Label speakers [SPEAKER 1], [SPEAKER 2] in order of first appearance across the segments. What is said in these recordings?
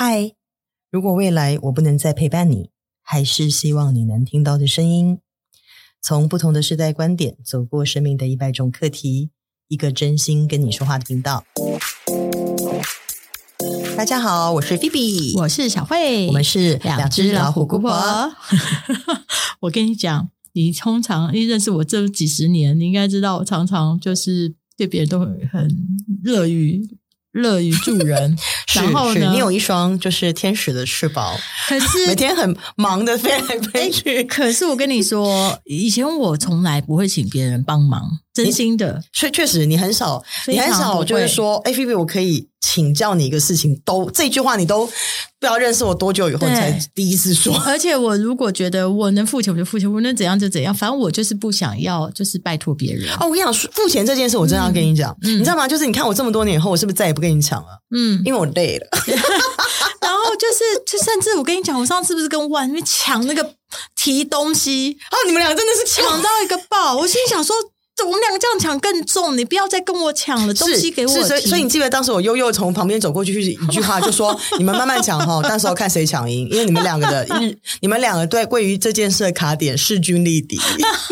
[SPEAKER 1] 嗨，如果未來我不能再陪伴你，還是希望你能聽到的聲音。從不同的世代觀點，走過生命的一百種課題，一個真心跟你說話的頻道。
[SPEAKER 2] 大家好，我是菲比，我是小慧，我們是兩隻老虎姑婆，婆。婆 我跟你講，你通常因為認識我這幾十年，你應該知道，我常常就是對別人都很
[SPEAKER 1] 樂於。樂於助人， 然後呢，是是，你有一雙就是天使的翅膀，
[SPEAKER 2] 可是每天很忙的飛來飛去。可是我跟你說，以前我從來不會請別人幫
[SPEAKER 1] 忙，真心的。確確實，你很少，你很少就是說會說誒、欸、菲菲，我可以。請教你一個事情，都這句話你都不知道認識我多久以後你才第一次說。而
[SPEAKER 2] 且我如果覺得我能付錢我就付錢，我能怎樣就怎樣，反正我就是不想要就是拜託別人。
[SPEAKER 1] 哦，我跟你講，付錢這件事我真的要跟你講、嗯嗯，你知道嗎？就是你看我這麼多年以後，我是不是再也不跟你搶了、啊？嗯，因為我累了。 然後就是，就甚至我跟你講，我上次不是跟外面
[SPEAKER 2] 搶那個提東西，然、啊、後你們倆真的是搶，搶到一個爆，我心裡想說。我們兩個這樣搶更重，你不要再跟我搶了。東西給我。是，是，是，所以你記
[SPEAKER 1] 得當時我悠悠從旁邊走過去，一句話就說：“ 你們慢慢搶哈，到時候看誰搶贏。 ”因為你們兩個的， 你們兩個對關於這件事的卡點勢均力敵。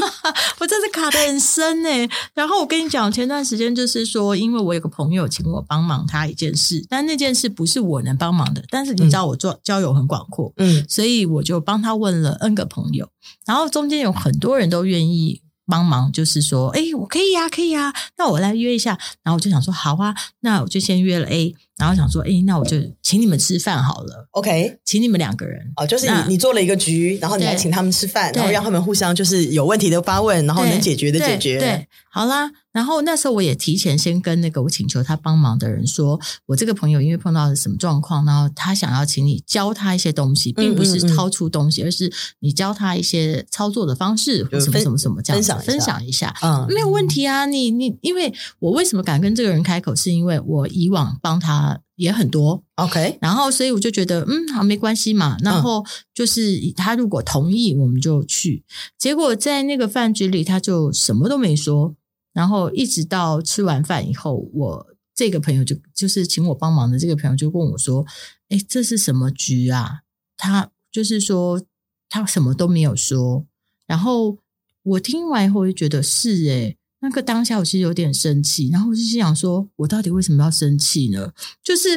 [SPEAKER 2] 我真的卡得很深哎、欸。然後我跟你講，前段時間就是說，因為我有個朋友請我幫忙他一件事，但那件事不是我能幫忙的。但是你知道我做交友很廣闊，嗯，所以我就幫他問了 N 個朋友，嗯、然後中間有很多人都願意。幫忙就是說，誒、欸、我可以呀、啊，可以呀、啊，那我來約一下。然後我就想說，好啊，那我就先約了 A。然後想說，誒、欸、那我就請你們吃飯好了，OK，請你們兩個人
[SPEAKER 1] 哦，就是你你做了一個局，然後你來請他們吃飯，然後讓他們互相就是有問題的發問，然後能解決的解決，對，對
[SPEAKER 2] 對好啦。然後那時候我也提前先跟那個我請求他幫忙的人說，我這個朋友因為碰到了什麼狀況，然後他想要請你教他一些東西，並不是掏出東西，嗯嗯嗯、而是你教他一些操作的方式，什麼什麼什麼這樣子，分享一下分享一下，嗯，沒有問題啊，你你，因為我為什麼敢跟這個人開口，嗯、是因為我以往幫他也很多，OK，然後所以我就覺得嗯，好沒關係嘛，然後就是他如果同意，我們就去、嗯。結果在那個飯局裡，他就什麼都沒說。然後一直到吃完飯以後，我這個朋友就就是請我幫忙的這個朋友就問我說：“誒，這是什麼局啊？”他就是說他什麼都沒有說。然後我聽完以後就覺得是誒，那個當下我其實有點生氣。然後我就心想說：“我到底為什麼要生氣呢？”就是。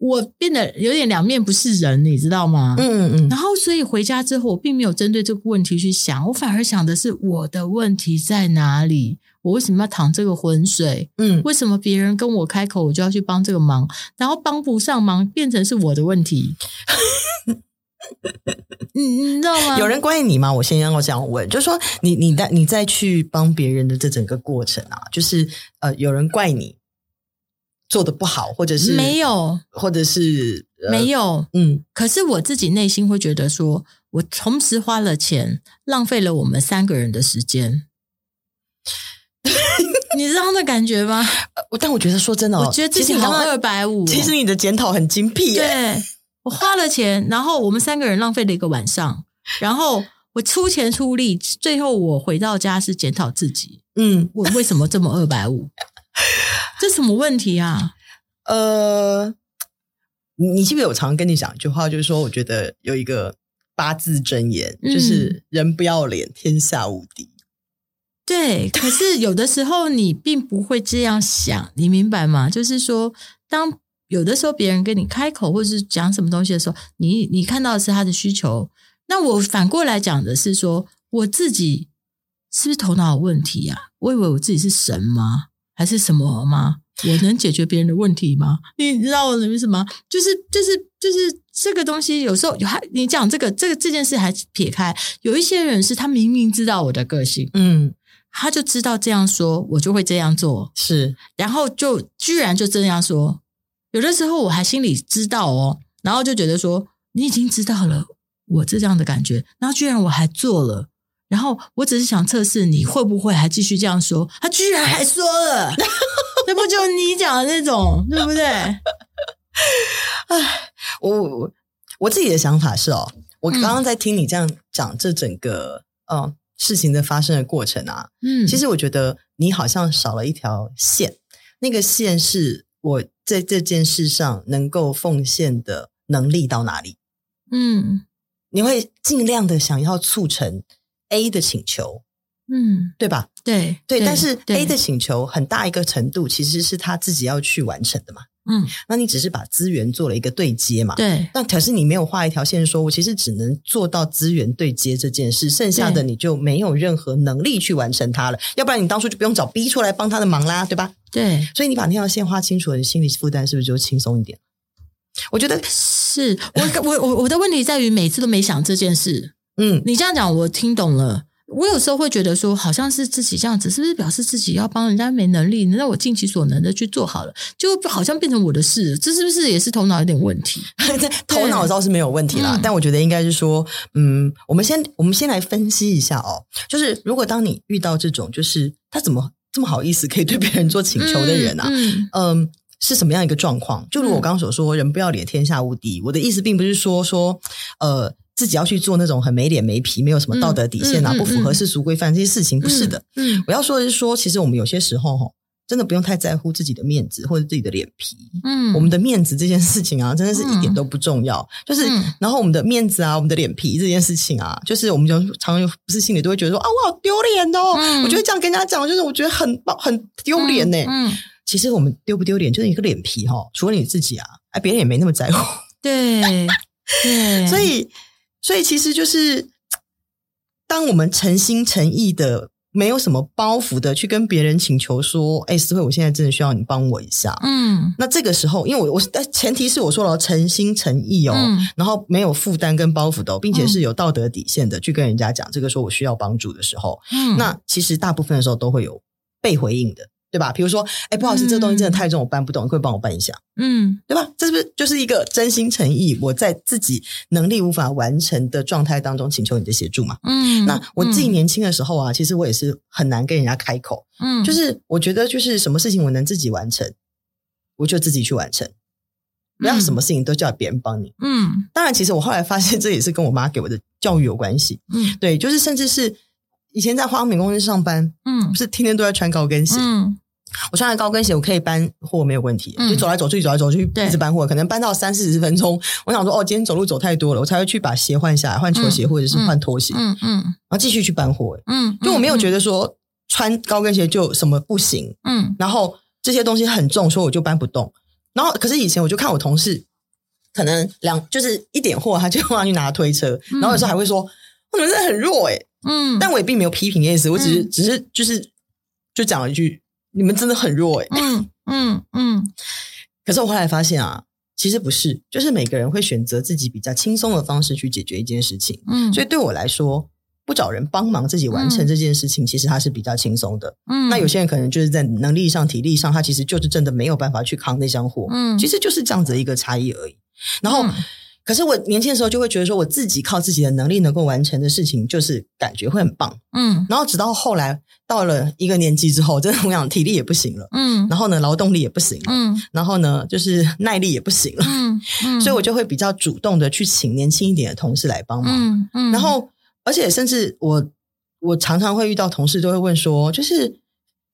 [SPEAKER 2] 我變得有點兩面不是人，你知道嗎？嗯嗯、嗯。然後，所以回家之後，我並沒有針對這個問題去想，我反而想的是我的問題在哪裡？我為什麼要淌這個渾水？嗯，為什麼別人跟我開口，我就要去幫這個忙？然後幫不上忙，變成是我的問題？你、 嗯、你知道
[SPEAKER 1] 嗎？有人怪你嗎？我先要這樣問，就說你你再你再去幫別人的這整個過程啊，就是呃，有人怪你。做的不好，或者是沒有，或者是、呃、沒有。嗯，可是我自己內心會覺得說，說
[SPEAKER 2] 我同時花了錢，浪費了我們三個人的時間， 你知道那感覺嗎？我但我覺得說真的、哦，我覺得自己好像二百五。其實你的檢討很精闢，對，我花了錢，然後我們三個人浪費了一個晚上，然後我出錢出力，最後我回到家是檢討自己。嗯，
[SPEAKER 1] 我為什麼這麼二百五？ 這什麼問題啊？呃，你你記不記得我常跟你講一句話，就是說我覺得有一個八字真言，嗯，就是人不要臉，天下無敵。對，可是
[SPEAKER 2] 有的時候你並不會這樣想， 你明白嗎？就是說，當有的時候別人跟你開口或者是講什麼東西的時候，你你看到的是他的需求，那我反過來講的是說，我自己是不是頭腦有問題啊？我以為我自己是神嗎？還是什麼嗎？我能解決別人的問題嗎？你知道我為什麼？就是就是就是這個東西，有時候還你講這個這個這件事，還撇開。有一些人是他明明知道我的個性，嗯，他就知道這樣說，我就會這樣做。是，然後就居然就這樣說。有的時候我還心裡知道哦，然後就覺得說你已經知道了我這樣的感覺，然後居然我還做了。然後我只是想測試你會不會還繼續這樣說？
[SPEAKER 1] 他居然還說了，那 不就你講的那種，對不對？ 哎，我我自己的想法是哦，我剛剛在聽你這樣講這整個嗯、哦、事情的發生的過程啊，嗯，其實我覺得你好像少了一條線，那個線是我在這件事上能夠奉獻的能力到哪裡？嗯，你會盡量的想要促成。A 的請求，嗯，對吧？對對，對，但是 A 的請求很大一個程度其實是他自己要去完成的嘛，嗯，那你只是把資源做了一個對接嘛，對，那可是你沒有畫一條線說，說我其實只能做到資源對接這件事，剩下的你就沒有任何能力去完成它了，要不然你當初就不用找 B 出來幫他的忙啦，對吧？對，所以你把那條線畫清楚了，你心理負擔是不是就輕鬆一點？
[SPEAKER 2] 我覺得是我我我 我的問題在於每次都沒想這件事。嗯，你這樣講我聽懂了。我有時候會覺得說，好像是自己這樣子，是不是表示自己要幫人家沒能力，那我盡其所能的去做好了，就好像變成我的事，這
[SPEAKER 1] 是不是也是頭腦有點問題？頭腦倒是沒有問題啦，嗯、但我覺得應該是說，嗯，我們先我們先來分析一下哦、喔，就是如果當你遇到這種就是他怎麼這麼好意思可以對別人做請求的人啊，嗯，嗯呃、是什麼樣一個狀況？就如我剛剛所說，人不要臉天下無敵、嗯。我的意思並不是說說呃。自己要去做那種很沒臉沒皮、沒有什麼道德底線啊、嗯、不符合世俗規範、嗯、這些事情，不是的嗯。嗯，我要說的是說，其實我們有些時候哈，真的不用太在乎自己的面子或者自己的臉皮。嗯，我們的面子這件事情啊，真的是一點都不重要。嗯、就是、嗯，然後我們的面子啊、我們的臉皮這件事情啊，就是我們就常常不是心裡都會覺得說啊，我好丟臉哦、嗯。我覺得這樣跟人家講，就是我覺得很很丟臉呢、欸嗯。嗯，其實我們丟不丟臉，就是一個臉皮哈、哦。除了你自己啊，哎，別人也沒那麼在乎。對， 對所以。所以其實就是，當我們誠心誠意的、沒有什麼包袱的去跟別人請求說：“哎，思慧，我現在真的需要你幫我一下。”嗯，那這個時候，因為我我但前提是我說了誠心誠意哦、嗯，然後沒有負擔跟包袱的、哦，並且是有道德底線的、嗯、去跟人家講這個說我需要幫助的時候，嗯，那其實大部分的時候都會有被回應的。對吧？比如說，哎、欸，不好意思，嗯、這個東西真的太重，我搬不動，你會幫我搬一下？嗯，對吧？這是不是就是一個真心誠意？我在自己能力無法完成的狀態當中，請求你的協助嘛？嗯，那我自己年輕的時候啊，嗯、其實我也是很難跟人家開口。嗯，就是我覺得，就是什麼事情我能自己完成，我就自己去完成，不、嗯、要什麼事情都叫別人幫你。嗯，當然，其實我後來發現，這也是跟我媽給我的教育有關係。嗯，對，就是甚至是以前在化妝品公司上班，嗯，不是天天都在穿高跟鞋，嗯。我穿了高跟鞋，我可以搬貨沒有問題，嗯，就走來走去，走來走去，一直搬貨，可能搬到三四十分鐘。我想說，哦，今天走路走太多了，我才會去把鞋換下來，換球鞋或者是換拖鞋，嗯嗯，嗯，然後繼續去搬貨，嗯，嗯，就我沒有覺得說穿高跟鞋就什麼不行，嗯，然後這些東西很重，所以我就搬不動，然後可是以前我就看我同事，可能兩就是一點貨，他就讓他去拿推車，嗯，然後有時候還會說我們這很弱誒、欸、嗯，但我也並沒有批評意思，我只是、嗯、只是就是就講了一句。你們真的很弱哎，欸！嗯嗯，嗯。可是我後來發現啊，其實不是，就是每個人會選擇自己比較輕鬆的方式去解決一件事情。嗯，所以對我來說，不找人幫忙自己完成這件事情，嗯、其實它是比較輕鬆的。嗯，那有些人可能就是在能力上、體力上，他其實就是真的沒有辦法去扛那箱貨。嗯，其實就是這樣子一個差異而已。然後。嗯可是我年輕的時候就會覺得說，我自己靠自己的能力能夠完成的事情，就是感覺會很棒，嗯。然後直到後來到了一個年紀之後，真的我想體力也不行了，嗯。然後呢，勞動力也不行了，嗯。然後呢，就是耐力也不行了，嗯，嗯。所以我就會比較主動的去請年輕一點的同事來幫忙，嗯。嗯，然後，而且甚至我我常常會遇到同事都會問說，就是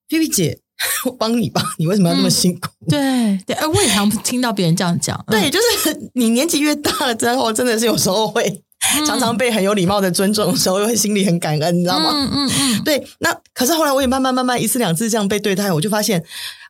[SPEAKER 1] PP 姐。 我幫你吧，你為什麼要那麼辛苦？嗯、
[SPEAKER 2] 對對、呃，我也常聽到別人這樣講。 對、嗯，就
[SPEAKER 1] 是你年紀越大了之後，真的是有時候會常常被很有禮貌的尊重的時候，又會心裡很感恩，你知道嗎？嗯嗯、對，那可是後來我也慢慢慢慢一次兩次這樣被對待，我就發現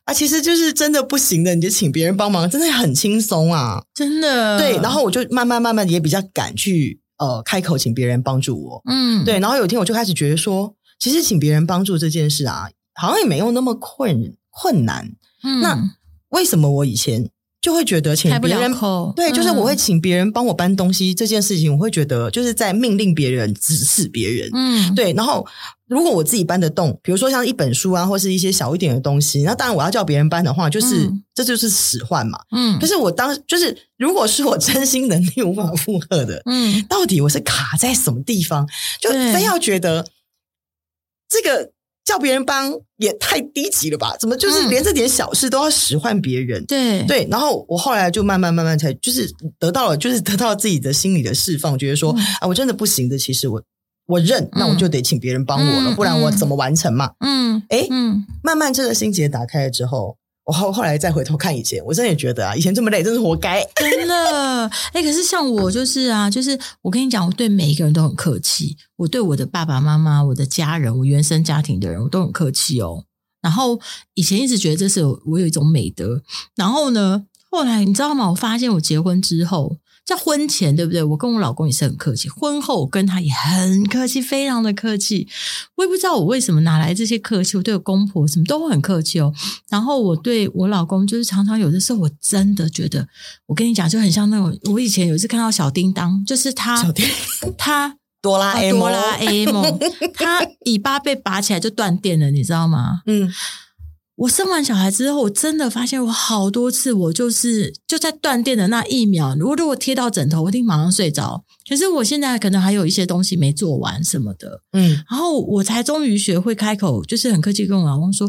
[SPEAKER 1] 啊，其實就是真的不行的，你就請別人幫忙，真的很輕鬆啊，真的。對，然後我就慢慢慢慢也比較敢去呃開口請別人幫助我。嗯，對。然後有一天我就開始覺得說，其實請別人幫助這件事啊。好像也沒有那麼困困難、嗯。那為什麼我以前就會覺得請別人對、嗯，就是我會請別人幫我搬東西這件事情，我會覺得就是在命令別人、指示別人。嗯，對。然後如果我自己搬得動，比如說像一本書啊，或是一些小一點的東西，那當然我要叫別人搬的話，就是、嗯、這就是使喚嘛。嗯，可是我當就是如果是我真心能力無法負荷的，嗯，到底我是卡在什麼地方，就非要覺得這個。叫別人幫也太低級了吧？怎麼就是連這點小事都要使喚別人？嗯、對對，然後我後來就慢慢慢慢才就是得到了，就是得到了自己的心理的釋放，覺得說啊，我真的不行的，其實我我認、嗯，那我就得請別人幫我了，嗯、不然我怎麼完成嘛？嗯，哎、嗯，慢慢這個心結打開了之後。我後後來再回頭看以前，我真的也覺得啊，以前這麼累真是活該，
[SPEAKER 2] 真的。哎、欸，可是像我就是啊，就是我跟你講，我對每一個人都很客氣，我對我的爸爸媽媽、我的家人、我原生家庭的人，我都很客氣哦。然後以前一直覺得這是我，我有一種美德。然後呢，後來你知道嗎？我發現我結婚之後。在婚前對不對？我跟我老公也是很客氣，婚後我跟他也很客氣，非常的客氣。我也不知道我為什麼哪來這些客氣，我對我公婆什麼都很客氣哦。然後我對我老公，就是常常有的時候，我真的覺得，我跟你講，就很像那種我以前有一次看到小叮當，就是他，他
[SPEAKER 1] 哆啦 A，哆啦 A 夢，
[SPEAKER 2] 他尾巴被拔起來就斷電了，你知道嗎？嗯。我生完小孩之後，我真的發現我好多次，我就是就在斷電的那一秒，如果貼到枕頭，我一定馬上睡着。可是我現在可能還有一些東西沒做完什麼的，嗯，然後我才終於學會開口，就是很客氣跟我老公說：“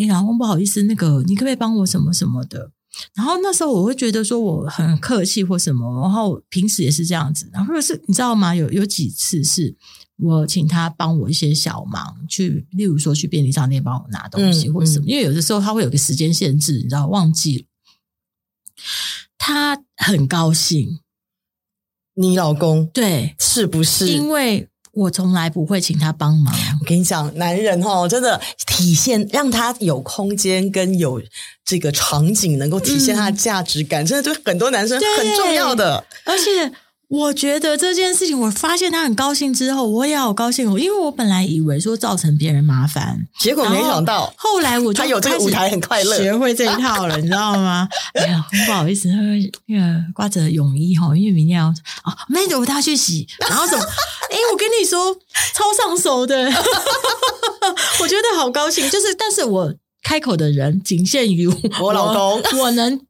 [SPEAKER 2] 哎，老公，不好意思，那個你可不可以幫我什麼什麼的。”然後那時候我會覺得說我很客氣或什麼，然後平時也是這樣子。然後是，你知道嗎？有有幾次是我請他幫我一些小忙，去例如說去便利商店幫我拿東西或者什麼、嗯，因為有的時候他會有個時間限制，你知道，忘記了。他很高興，你老公對是不是？
[SPEAKER 1] 因為。我從來不會請他幫忙。我跟你講，男人哦，真的體現，讓他有空間跟有這個場景，能夠體現他的價值感，嗯、真的對很多男生很重要的，而且。我覺得這件事情，我發現他
[SPEAKER 2] 很高興之後，我也好高興。哦。因為我本來以為說造成別人麻煩，結果沒想到。後，後來我他有這個舞台很快樂，學會這一套了，你知道嗎？哎呀，很不好意思，那、呃、個掛着泳衣哈，因為明天要啊，那我他去洗，然後什麼？哎，我跟你說，超上手的， 我覺得好高興。就是，但是我開口的人僅限於我，我老公，我能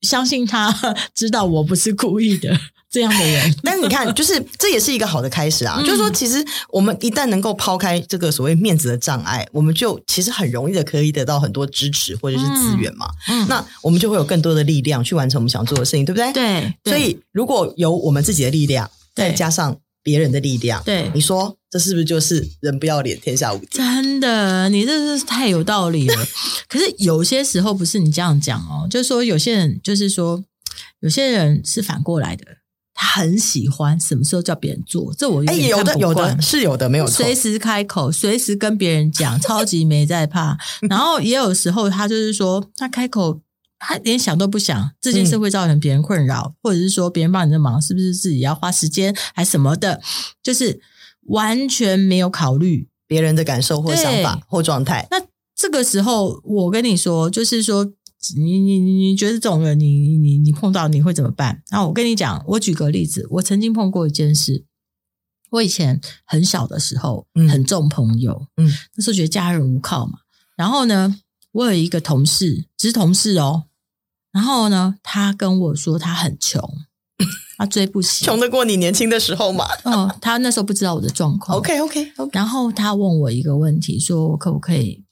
[SPEAKER 2] 相信他
[SPEAKER 1] 知道我不是故意的。這樣的人， 但是你看，就是這也是一個好的開始啊。嗯、就是說，其實我們一旦能夠拋開這個所謂面子的障礙，我們就其實很容易的可以得到很多支持或者是資源嘛。嗯，嗯那我們就會有更多的力量去完成我們想做的事情，對不對？對。對，所以，如果有我們自己的力量對，再加上別人的力量，對，你說這是不是就是人不要臉天下無敵？
[SPEAKER 2] 真的，你這是太有道理了。 可是有些時候不是你這樣講哦，就是說有些人就是說有些人是反過來的。他很喜歡什麼時候叫別人做，這我有的、欸、有的，有的是有的沒有錯。隨時開口，隨時跟別人講， 超級沒在怕。然後也有時候他就是說，他開口他連想都不想這件事會造成別人困擾，嗯、或者是說別人幫你的忙是不是自己要花時間還什麼的，就
[SPEAKER 1] 是完全沒有考慮別人的感受或想法或狀態。那
[SPEAKER 2] 這個時候我跟你說，就是說。你你你你覺得這種人你，你你你碰到你會怎麼辦？那、啊、我跟你講，我舉個例子，我曾經碰過一件事。我以前很小的時候，很重朋友，嗯，那時候覺得家人無靠嘛。然後呢，我有一個同事，只是同事哦。然後呢，他跟
[SPEAKER 1] 我說他很窮，他追不起，窮得過你年輕的時候嘛？嗯
[SPEAKER 2] 哦，他那時候不知道我的狀況。OK OK OK。然後他問我一個問題，說我可不可以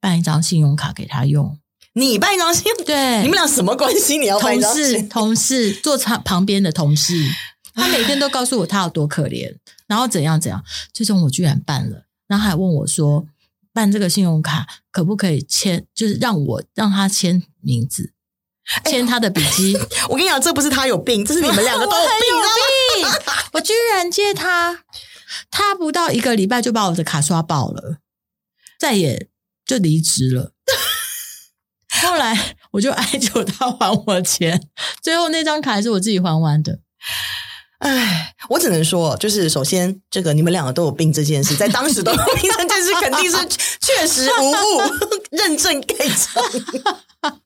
[SPEAKER 2] 辦一張信用卡給他用？
[SPEAKER 1] 你辦一張信用卡？對，你們倆什麼關係？你要辦一張信用卡？同事，
[SPEAKER 2] 同事坐他旁邊的同事， 他每天都告訴我他有多可憐， 然後怎樣怎樣，最終我居然辦了。然後還問我說，辦這個信用卡可不可以簽？就是讓我讓他簽名字，簽、欸、他的筆跡。
[SPEAKER 1] 我跟你講，這不是他有病，這是你們兩個都有病，的 有病。
[SPEAKER 2] 我居然借他，他不到一個禮拜就把我的卡刷爆了，
[SPEAKER 1] 再也就離
[SPEAKER 2] 職了。後來我就哀求他還我錢，最後那張卡是我自己還完的。
[SPEAKER 1] 唉，我只能說，就是首先，這個你們兩個都有病這件事，在當時都有病這件事，肯定是確實無誤， 認證蓋該章。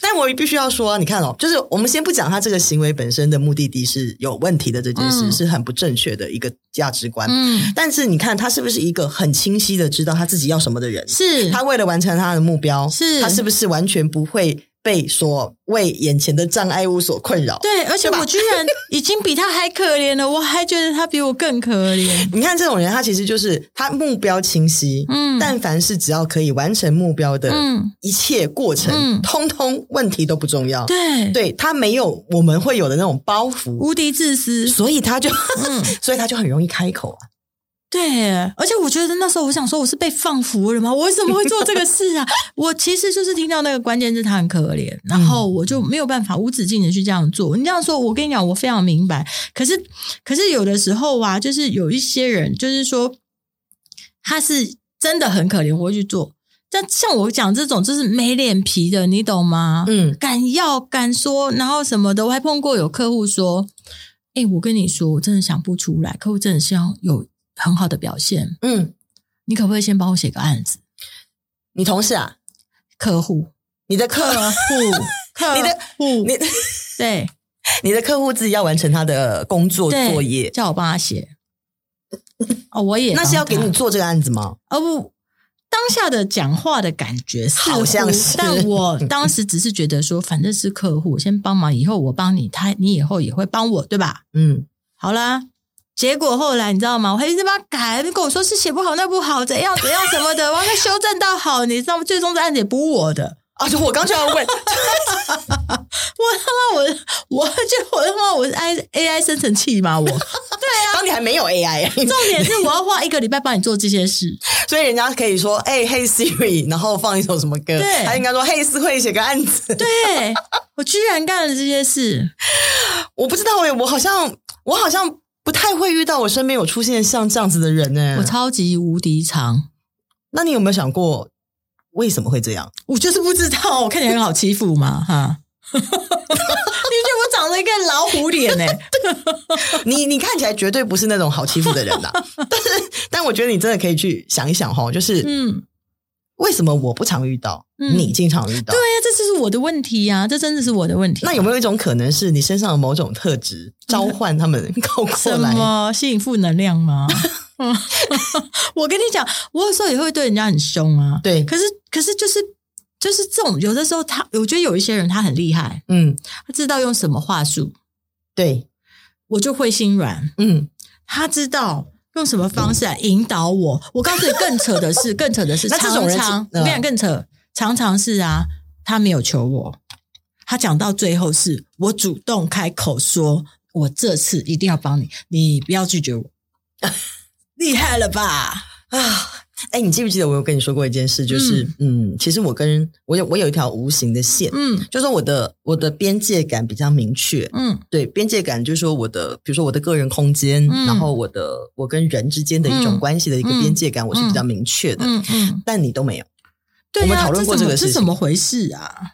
[SPEAKER 1] 但我必須要說啊，你看哦，就是我們先不講他這個行為本身的目的地是有問題的這件事，嗯，是很不正確的一個價值觀，嗯。但是你看他是不是一個很清晰的知道他自己要什麼的人？是他為了完成他的目標，是他是不是完全不會？被所謂眼前的障礙物所困擾，對，而且我居然已經比他還可憐了， 我還覺得他比我更可憐。你看這種人，他其實就是，他目標清晰，嗯，但凡是只要可以完成目標的一切過程，嗯，通通問題都不重要，嗯、對，對，他沒有我們會有的那種包袱，無敵自私，所以他就、嗯，所以他就很容易開口、啊。
[SPEAKER 2] 對，而且我覺得那時候我想說，我是被放服了嗎？我為什麼會做這個事啊？ 我其實就是聽到那個關鍵字，他很可憐，然後我就沒有辦法無止境的去這樣做。你這樣說，我跟你講，我非常明白。可是，可是有的時候啊，就是有一些人，就是說他是真的很可憐，我會去做。但像我講這種，就是沒臉皮的，你懂嗎？嗯，敢要敢說，然後什麼的，我還碰過有客戶說：“哎、欸，我跟你說，我真的想不出來。”客戶真的是要有。很好的表現，嗯，你可不可以先幫我寫個案子？你同
[SPEAKER 1] 事啊，客戶，你的客戶，客，你的客戶你，對，你的客戶自己要完成他的工作作業，叫我幫他寫。
[SPEAKER 2] 哦，我也，那是要給你做這個案子嗎？哦，不，當下的講話的感覺好像是，但我當時只是覺得說，反正是客戶，先幫忙，以後我幫你，他你以後也會幫我，對吧？嗯，好啦。結果後來你知道嗎？我還一直幫他改，跟我說是寫不好，那不好，怎樣怎樣什麼的，完了修正到好。你知道嗎？最終的案子也不是我的。啊！就我剛就要問，問 我他媽我我就我他媽我是 AI 生成器嗎？我 對啊，當你還沒有 AI，重點是我要花一個禮拜幫你做這些事，所以人家可以說：“欸、e、hey、嘿，Siri，然後
[SPEAKER 1] 放一首什麼歌？”對，他應該說：“嘿、hey，Siri，寫個案子。 ”對，我居然幹了這些事，我不知道我好像我好像。我好像不太會遇到我身邊有出現像這樣子的人呢、欸。我超級無敵長，那你有沒有想過為什麼會這樣？我就是不知道， 我看起來很好欺負嘛。哈， 你覺得我長了一個老虎臉呢、欸？ 你你看起來絕對不是那種好欺負的人吶、啊。但是，但我覺得你真的可以去想一想哦，就是嗯，為什麼我不常遇到，嗯、你經常遇到？對我的問題呀、啊，這真的是我的問題、啊。那有沒有一種可能是你身上有某種特質召喚他們靠過來？什麼
[SPEAKER 2] 吸引負能量嗎？
[SPEAKER 1] 我跟你講，我有時候也會對人家很凶啊。對，可是
[SPEAKER 2] 可是就是就是這種，有的時候他，我覺得有一些人他很厲害，嗯，他知道用什麼話術，對，我就會心軟。嗯，他知道用什麼方式來引導我。嗯、我告訴你，更扯的是， 更扯的是，這種是常常我跟你講、呃、更扯，常常是啊。他沒有求我，他講到最後是我主動開口說，我這次一定要幫你，你不要拒絕我，
[SPEAKER 1] 厲害了吧？啊，哎，你記不記得我有跟你說過一件事？就是，嗯，嗯，其實我跟人，我有我有一條無形的線，嗯，就是說我的我的邊界感比較明確，嗯，對，邊界感就是說我的，比如說我的個人空間，嗯、然後我的我跟人之間的一種關係的一個邊界感，嗯、我是比較明確的，嗯嗯，但你都沒有。對啊、我們討論過這個事情，是怎、怎麼回事啊？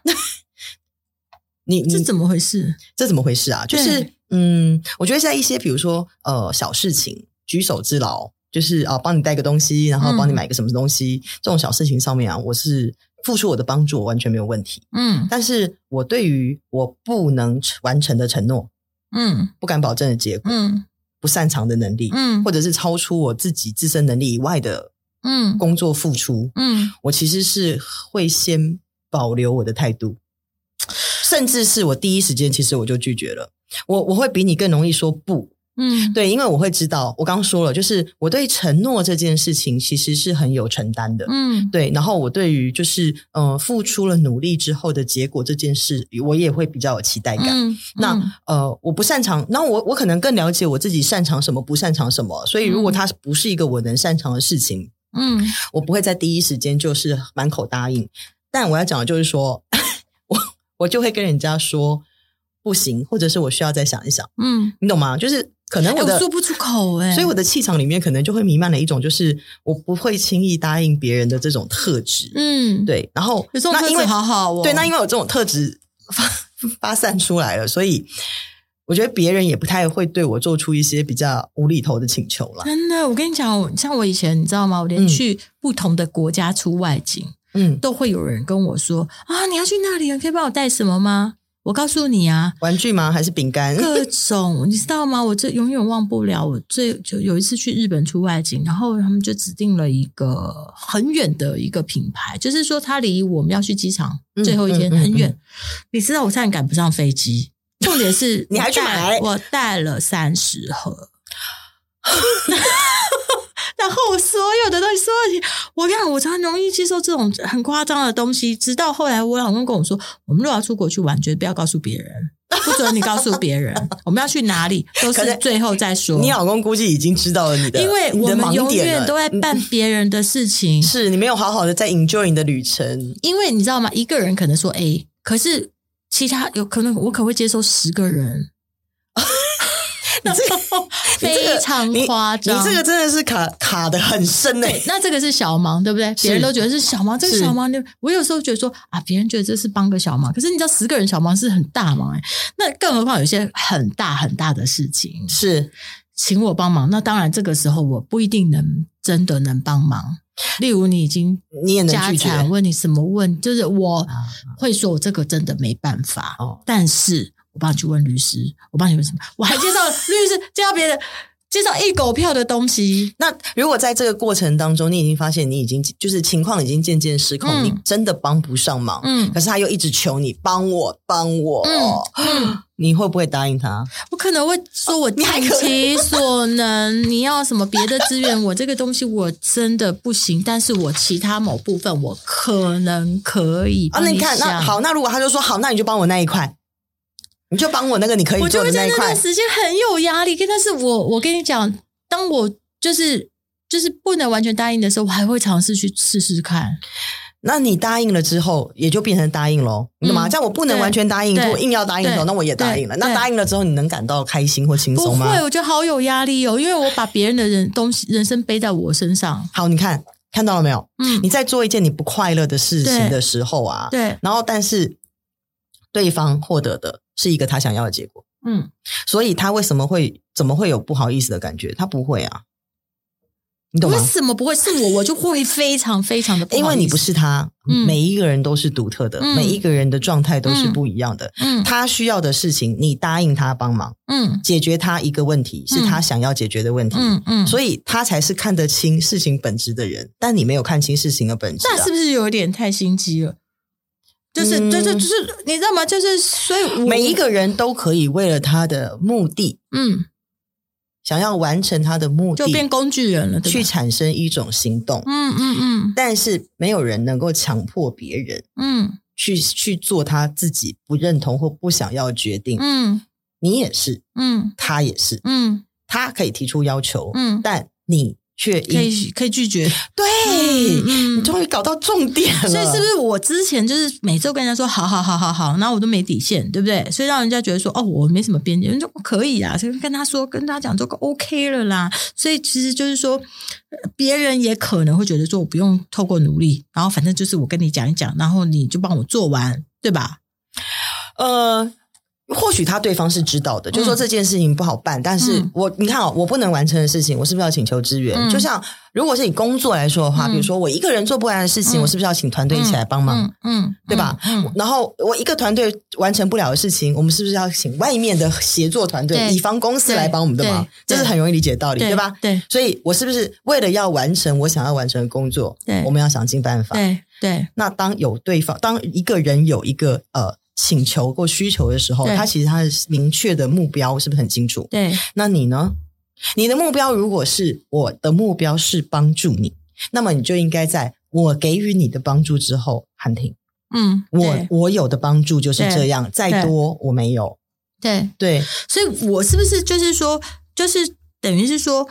[SPEAKER 1] 你、你這怎麼回事？這怎麼回事啊？就是嗯，我覺得在一些比如說呃小事情，舉手之勞，就是啊幫你帶個東西，然後幫你買個什麼東西，嗯、這種小事情上面啊，我是付出我的幫助，完全沒有問題。嗯，但是我對於我不能完成的承諾，嗯，不敢保證的結果，嗯，不擅長的能力，嗯，或者是超出我自己自身能力以外的。嗯，工作付出嗯，嗯，我其實是會先保留我的態度，甚至是我第一時間其實我就拒絕了。我我會比你更容易說不，嗯，對，因為我會知道，我剛剛說了，就是我對承諾這件事情其實是很有承擔的，嗯，對。然後我對於就是嗯、呃、付出了努力之後的結果這件事，我也會比較有期待感。嗯嗯、那呃，我不擅長，那我我可能更了解我自己擅長什麼，不擅長什麼。所以如果它不是一個我能擅長的事情，嗯，我不會在第一時間就是滿口答應，但我要講的就是說，我我就會跟人家說不行，或者是我需要再想一想。嗯，你懂嗎？就是可能我的，我說不
[SPEAKER 2] 出口哎，欸，所以我的
[SPEAKER 1] 氣場裡面可能就會瀰漫了一種就是我不會輕易答應別人的這種特質。嗯，對。然後那因為好好哦，對，那因為我這種特質發發散出來了，所以。我覺得別人也不太會對我做出一些比較無厘頭的請求了。真
[SPEAKER 2] 的，我跟你講，像我以前，你知道嗎？我連去不同的國家出外景，嗯，都會有人跟我說啊，你要去那裡，你可以幫我帶什麼嗎？我告訴你啊，玩具嗎？還是餅乾？各種，你知道嗎？我這永遠忘不了。我最就有一次去日本出外景，然後他們就指定了一個很遠的一個品牌，就是說它離我們要去機場，嗯，最後一天很遠。嗯，嗯，嗯，你知道，我差點趕不上飛機。重點是，你還去買我帶了三十盒， 然後我所有的東西，所有東西，我看我常容易接受這種很誇張的東西。直到後來，我老公跟我說：“我們如果要出國去玩，絕對不要告訴別人，不准你告訴別人， 我們要去哪裡都是最後再說。”你老
[SPEAKER 1] 公估計已經知道了你的，因為我們永遠都在
[SPEAKER 2] 辦別人的事情，你嗯、是你沒有好好的在 enjoy 你的旅程。因為你知道嗎？一個人可能說哎、欸，可是。其他有可能，我可會接受十
[SPEAKER 1] 個人、 你這個，那這個非
[SPEAKER 2] 常誇張，你這個
[SPEAKER 1] 真的是卡卡得很深誒、欸、對，那
[SPEAKER 2] 這個是小忙，對不對？別人都覺得是小忙，這個小忙，我有時候覺得說啊，別人覺得這是幫個小忙，可是你知道，十個人小忙是很大忙誒、欸、那更何況有些很大很大的事情是請我幫忙，那當然這個時候我不一定能真的能幫忙。例如，你已經你，你也能拒絕。問你什麼？問就是我，會說我這個真的沒辦法。哦，但是，我幫你去
[SPEAKER 1] 問律師，我幫你問什麼？我還介紹了律師，介紹別人。 這種一狗票的東西。那如果在這個過程當中，你已經發現你已經就是情況已經漸漸失控、嗯，你真的幫不上忙。嗯，可是他又一直求你幫我幫我、嗯。你會不會答應他？
[SPEAKER 2] 我可能會說我盡其所能，哦、你可能。你要什麼別的資源？ 我這個東西，我真的不行，但是我其他某部分我可
[SPEAKER 1] 能可以。啊，那你看，那好，那如果他就說好，那你就幫我那一塊。你就幫我那個你可以做的那一塊。我就在那段時間很有壓力，但是我，我我跟你講，當我
[SPEAKER 2] 就是就是不能完全答應的時候，我還會嘗試去試試看。
[SPEAKER 1] 那你答應了之後，也就變成答應咯，嗯、你懂嗎？在我不能完全答應，我硬要答應的時候，那我也答應了。那答應了之後，你能感到開心或輕鬆嗎？對，我覺得好有壓力哦，因為我把別人的人東西、人生背在我身上。好，你看看到了沒有？嗯，你在做一件你不快樂的事情的時候啊，對，對然後但是對方獲得的是一個他想要的結果，嗯，所以他為什麼會怎麼會有不好意思的感覺？他不會啊，你懂嗎？為
[SPEAKER 2] 什麼不會是我？我就會非常非常的不好意思，因為你不是
[SPEAKER 1] 他、嗯，每一個人都是獨特的、嗯，每一個人的狀態都是不一樣的，嗯，嗯，他需要的事情，你答應他幫忙，嗯，解決他一個問題是他想要解決的問題，嗯嗯，嗯，所以他才是看得清事情本質的人，但你沒有看清事情的本質、啊，那是不是
[SPEAKER 2] 有點太心機了？就
[SPEAKER 1] 是、嗯、就是就是，你知道嗎？就是所以每一個人都可以為了他的目的，嗯，想要完成他的目的，就變工具人了，對吧，去產生一種行動，嗯嗯嗯。但是沒有人能夠強迫別人，嗯，去去做他自己不認同或不想要決定，嗯，你也是，嗯，他也是，嗯，他可以提出要求，嗯，但你。可以可以拒絕，對、嗯嗯、你終於搞到重點了。所以是不
[SPEAKER 2] 是我之前就是每次跟人家說好好好好好，那我都沒底線，對不對？所以讓人家覺得說哦，我沒什麼邊界，我可以啊。跟他說，跟他講都 OK 了啦。所以其實就是說，別人也可能會覺得說，我不用透過努力，然後反正就是我跟你講
[SPEAKER 1] 一講，然後你就幫我做完，對吧？呃。或許他對方是知道的，就是說，這件事情不好辦。嗯、但是我你看哦，我不能完成的事情，我是不是要請求支援、嗯？就像如果是以工作來說的話、嗯，比如說我一個人做不完的事情，嗯、我是不是要請團隊一起來幫忙嗯嗯？嗯，對吧？嗯、然後我一個團隊完成不了的事情，我們是不是要請外面的協作團隊、乙方公司來幫我們的忙，對對？這是很容易理解的道理，對，對吧對？對，所以我是不是為了要完成我想要完成的工作，對，我們要想盡辦法，對？對。那當有對方，當一個人有一個呃。請求或需求的時候，他其實他的明確的目標是不是很清楚？對，那你呢？你的目標如果是我的目標是幫助你，那麼你就應該在我給予你的幫助之後喊停。
[SPEAKER 2] 嗯，我
[SPEAKER 1] 我有的幫助就是這樣，再多我沒有。對對，
[SPEAKER 2] 所以我是不是就是說，就是等於是說。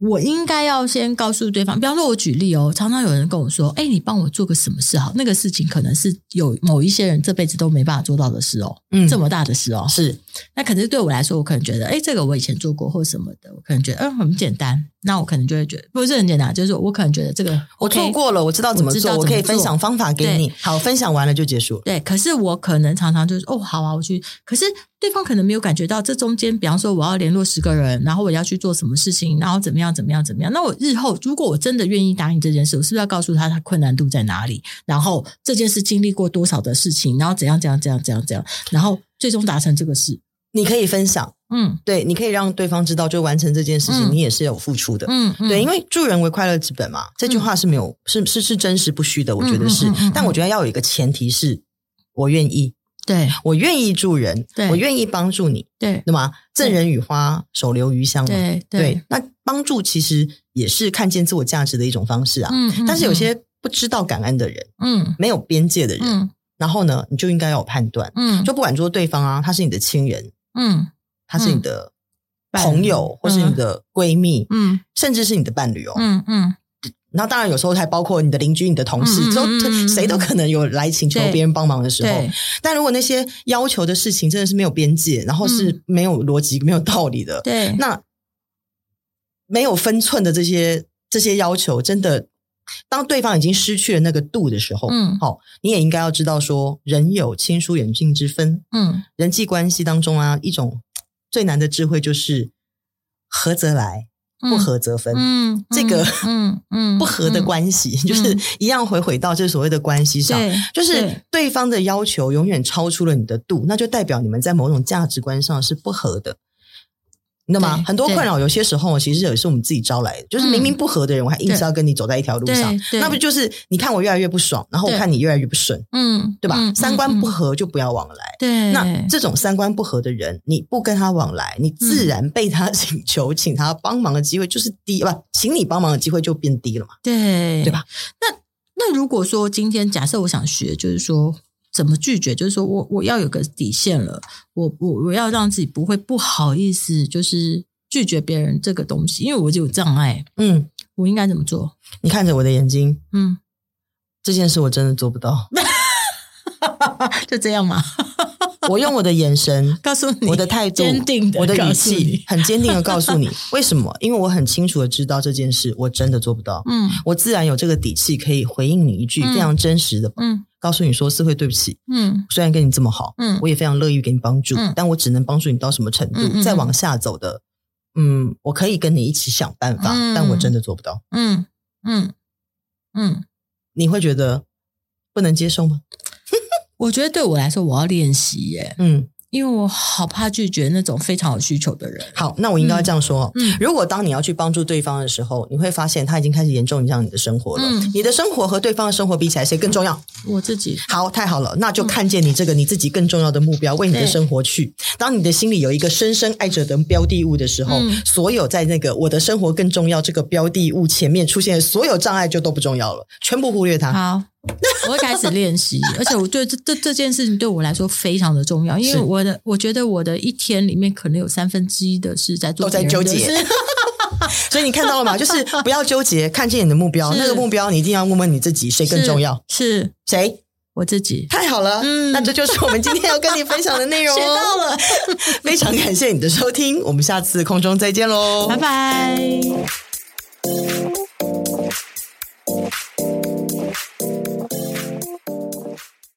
[SPEAKER 2] 我應該要先告訴對方，比方說，我舉例哦，常常有人跟我說，哎，你幫我做個什麼事好？那個事情可能是有某一些人這輩子都沒辦法做到的事哦，嗯，這麼大的事哦，是，那可能對我來說，我可能覺得，哎，這個我以前做過或什麼的，我可能覺得，嗯，很簡單。那我可能就會覺得，不是很簡單，就是我可能覺得這個 okay, 我錯過了我做，我知道怎麼做，我可以分享方法給你。好，分享完了就結束。對，可是我可能常常就是哦，好啊，我去。可是對方可能沒有感覺到這中間，比方說我要聯絡十個人，然後我要去做什麼事情，然後怎麼樣怎麼樣怎麼樣。那我日後如果我真的願意答應這件事，我是不是要告訴他他困難度在哪裡？然後這件事經歷過多少的事情？然後怎樣怎樣怎樣怎樣怎樣？然後最終達成這個事，
[SPEAKER 1] 你可以分享。嗯，對，你可以讓對方知道，就完成這件事情，嗯，你也是有付出的。嗯，嗯對，因為助人為快樂之本嘛，嗯、這句話是沒有是是是真實不虛的，我覺得是。嗯嗯嗯嗯、但我覺得要有一個前提是，是我願意，對我願意助人，對我願意幫助你，對，那麼贈人與花，手留餘香，對對，對，對。那幫助其實也是看見自我價值的一種方式啊。嗯，嗯嗯但是有些不知道感恩的人，嗯，沒有邊界的人，嗯、然後呢，你就應該要有判斷，嗯，就不管說對方啊，他是你的親人，嗯。他是你的
[SPEAKER 3] 朋友，嗯、或是你
[SPEAKER 1] 的閨蜜，嗯，甚至是你的伴侶哦，嗯嗯。那當然，有時候還包括你的鄰居、你的同事，都、嗯、誰都可能有來請求別人幫忙的時候。但如果那些要求的事情真的是沒有邊界，然後是沒有邏輯、嗯、沒有道理的，對，那沒有分寸的這些這些要求，真的，當對方已經失去了那個度的時候，嗯，好、哦，你也應該要知道說，人有親疏遠近之分，嗯，人際關係當中啊，一種。最難的智慧就是合則來，不合則分。嗯，這個嗯
[SPEAKER 3] 嗯不合的關
[SPEAKER 1] 係，就是一樣回回到這所謂的關係上，嗯。就是對方的要求永遠超出了你的度，那就代表你們在某種價值觀上是不合的。那麼很多困擾，有些時候其實也是我們自己招來的。就是明明不合的人，我還硬是要跟你走在一條路上，那不就是你看我越來越不爽，然後我看你越來越不順，嗯，對吧？嗯、三觀不合就不要往來。對，那這種三觀不合的人，你不跟他往來，你自然被他請求、嗯、請他幫忙的機會就是低，不，請你幫忙的機會就變低了嘛。
[SPEAKER 2] 對，對吧？那那如果說今天假設我想學，就是說。怎麼拒絕？就是說我我要有個底線了，我我我要讓自己不會不好意思，就是拒絕別人這個東西，因為我就有障礙。
[SPEAKER 1] 嗯，我應該怎麼做？你看着我的眼睛。嗯，這件事我真的做不到。 就這樣嗎？ 我用我的眼神告訴你我的態度，堅定的，我的語氣很堅定的告訴你 為什麼？因為我很清楚的知道這件事我真的做不到。嗯，我自然有這個底氣可以回應你一句、嗯、非常真實的。嗯。告訴你說四惠對不起，
[SPEAKER 3] 嗯，
[SPEAKER 1] 雖然跟你這麼好，嗯，我也非常樂意給你幫助，嗯、但我只能幫助你到什麼程度，嗯嗯嗯。再往下走的，嗯，我可以跟你一起想辦法，嗯、但我真的做不到，嗯嗯嗯，你會覺得不能接受嗎？
[SPEAKER 2] 我覺得對我來說，我要練習耶，嗯。
[SPEAKER 1] 因為我好怕拒絕那種非常有需求的人。好，那我應該要這樣說。嗯，如果當你要去幫助對方的時候，嗯、你會發現他已經開始嚴重影響你的生活了。嗯、你的生活和對方的生活比起來，誰更重要？嗯，我自己。好，太好了，那就看見你這個你自己更重要的目標，為你的生活去。嗯、當你的心裡有一個深深愛着的標的物的時候、嗯，所有在那個我的生活更重要這個標的物前面出現的所有障礙就都不重要了，全部忽略它。好。
[SPEAKER 2] 我會開始練習，而且我對這這這件事情對我來說非常的重要，因為我的、我覺得我的一天裡面可能有三分之一的事在做別人的事，都在糾結，
[SPEAKER 1] 所以你看到了嗎？就是不要糾結， 看見你的目標，那個目標你一定要問問你自己，誰更重要？是，是誰？我自己。太好了，嗯，那這就是我們今天要跟你分享的內容哦。學到了， 非常感謝你的收聽，我們下次空中再見嘍，拜拜。